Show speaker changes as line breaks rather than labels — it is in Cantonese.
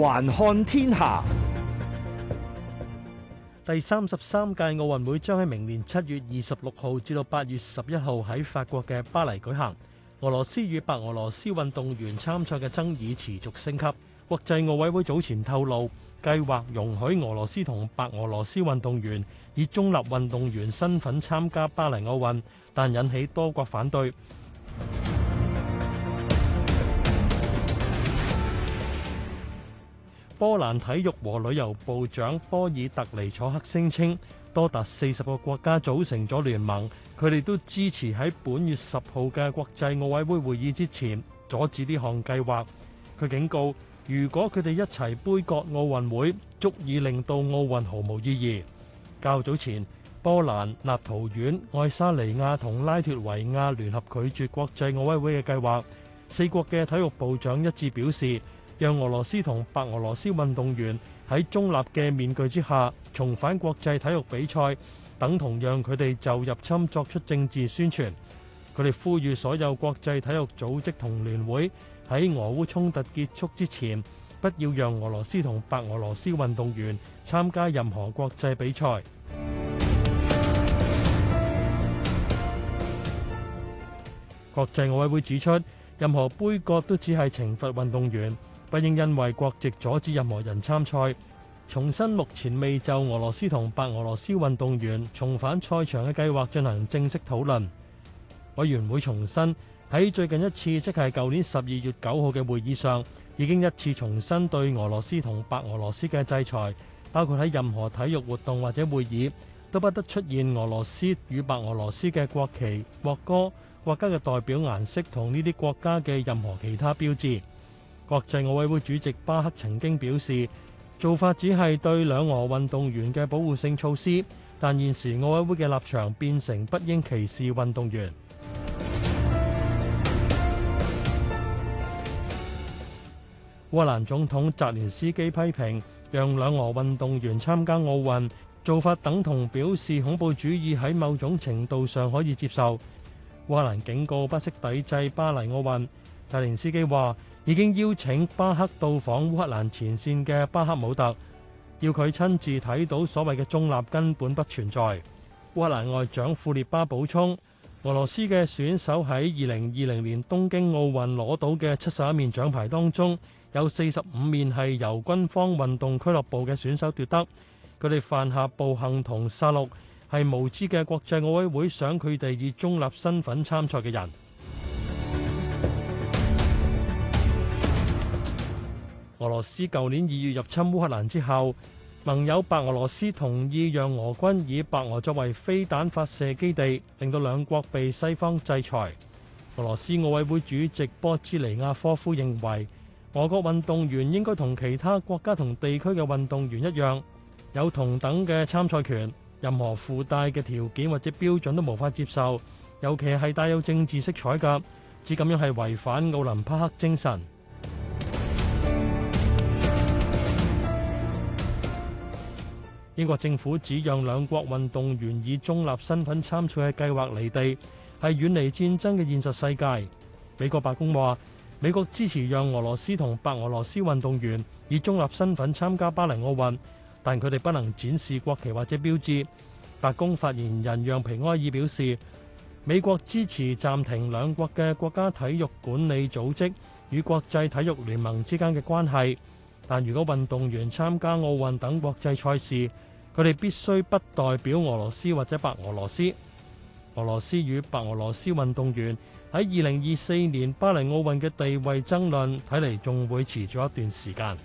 環看天下，第三十三屆奧運會將喺明年七月二十六號至到八月十一號喺法國嘅巴黎舉行。俄羅斯與白俄羅斯運動員參賽嘅爭議持續升級。國際奧委會早前透露，計劃容許俄羅斯同白俄羅斯運動員以中立運動員身份參加巴黎奧運，但引起多國反對。波蘭體育和旅遊部長波爾特尼楚克聲稱，多達四十個國家組成咗聯盟，佢哋都支持喺本月十號嘅國際奧委會會議之前阻止呢項計劃。佢警告，如果佢哋一齊杯葛奧運會，足以令到奧運毫無意義。較早前波蘭、波蘭、立陶宛、愛沙尼亞同拉脫維亞聯合拒絕國際奧委會嘅計劃，四國嘅體育部長一致表示。讓俄羅斯同白俄羅斯運動員喺中立嘅面具之下重返國際體育比賽，等同讓佢哋就入侵作出政治宣傳。佢哋呼籲所有國際體育組織同聯會喺俄烏衝突結束之前，不要讓俄羅斯同白俄羅斯運動員參加任何國際比賽。國際奧委會指出，任何杯葛都只係懲罰運動員。不應因為國籍阻止任何人參賽，重申目前未就俄羅斯同白俄羅斯運動員重返賽場嘅計劃進行正式討論。委員會重申喺最近一次，即係舊年十二月九號嘅會議上，已經一次重申對俄羅斯同白俄羅斯嘅制裁，包括喺任何體育活動或者會議都不得出現俄羅斯與白俄羅斯嘅國旗、國歌、國家嘅代表顏色同呢啲國家嘅任何其他標誌。國際奧委會主席巴克曾經表示，做法只係對兩俄運動員嘅保護性措施，但現時奧委會嘅立場變成不應歧視運動員。烏克蘭總統澤連斯基批評，讓兩俄運動員參加奧運做法等同表示恐怖主義喺某種程度上可以接受。烏克蘭警告不惜抵制巴黎奧運。澤連斯基話。已經邀請巴克到訪烏克蘭前線嘅巴克姆特，要佢親自睇到所謂嘅中立根本不存在。烏克蘭外長庫列巴補充，俄羅斯嘅選手喺2020年東京奧運攞到嘅七十一面獎牌當中有四十五面係由軍方運動俱樂部嘅選手奪得，佢哋犯下暴行同殺戮，係無知嘅國際奧委會想佢哋以中立身份參賽嘅人。俄羅斯舊年二月入侵烏克蘭之後，盟友白俄羅斯同意讓俄軍以白俄作為飛彈發射基地，令到兩國被西方制裁。俄羅斯奧委會主席波茲尼亞科夫認為，俄國運動員應該同其他國家同地區嘅運動員一樣，有同等嘅參賽權，任何附帶嘅條件或者標準都無法接受，尤其係帶有政治色彩嘅，只咁樣係違反奧林匹克精神。英國政府指讓兩國運動員以中立身份參賽嘅計劃離地，係遠離戰爭嘅現實世界。美國白宮話，美國支持讓俄羅斯同白俄羅斯運動員以中立身份參加巴黎奧運，但佢哋不能展示國旗或者標誌。白宮發言人讓皮埃爾表示，美國支持暫停兩國嘅國家體育管理組織與國際體育聯盟之間嘅關係，但如果運動員參加奧運等國際賽事，佢哋必須不代表俄羅斯或者白俄羅斯。俄羅斯與白俄羅斯運動員喺二零二四年巴黎奧運嘅地位爭論，睇嚟仲會持續一段時間。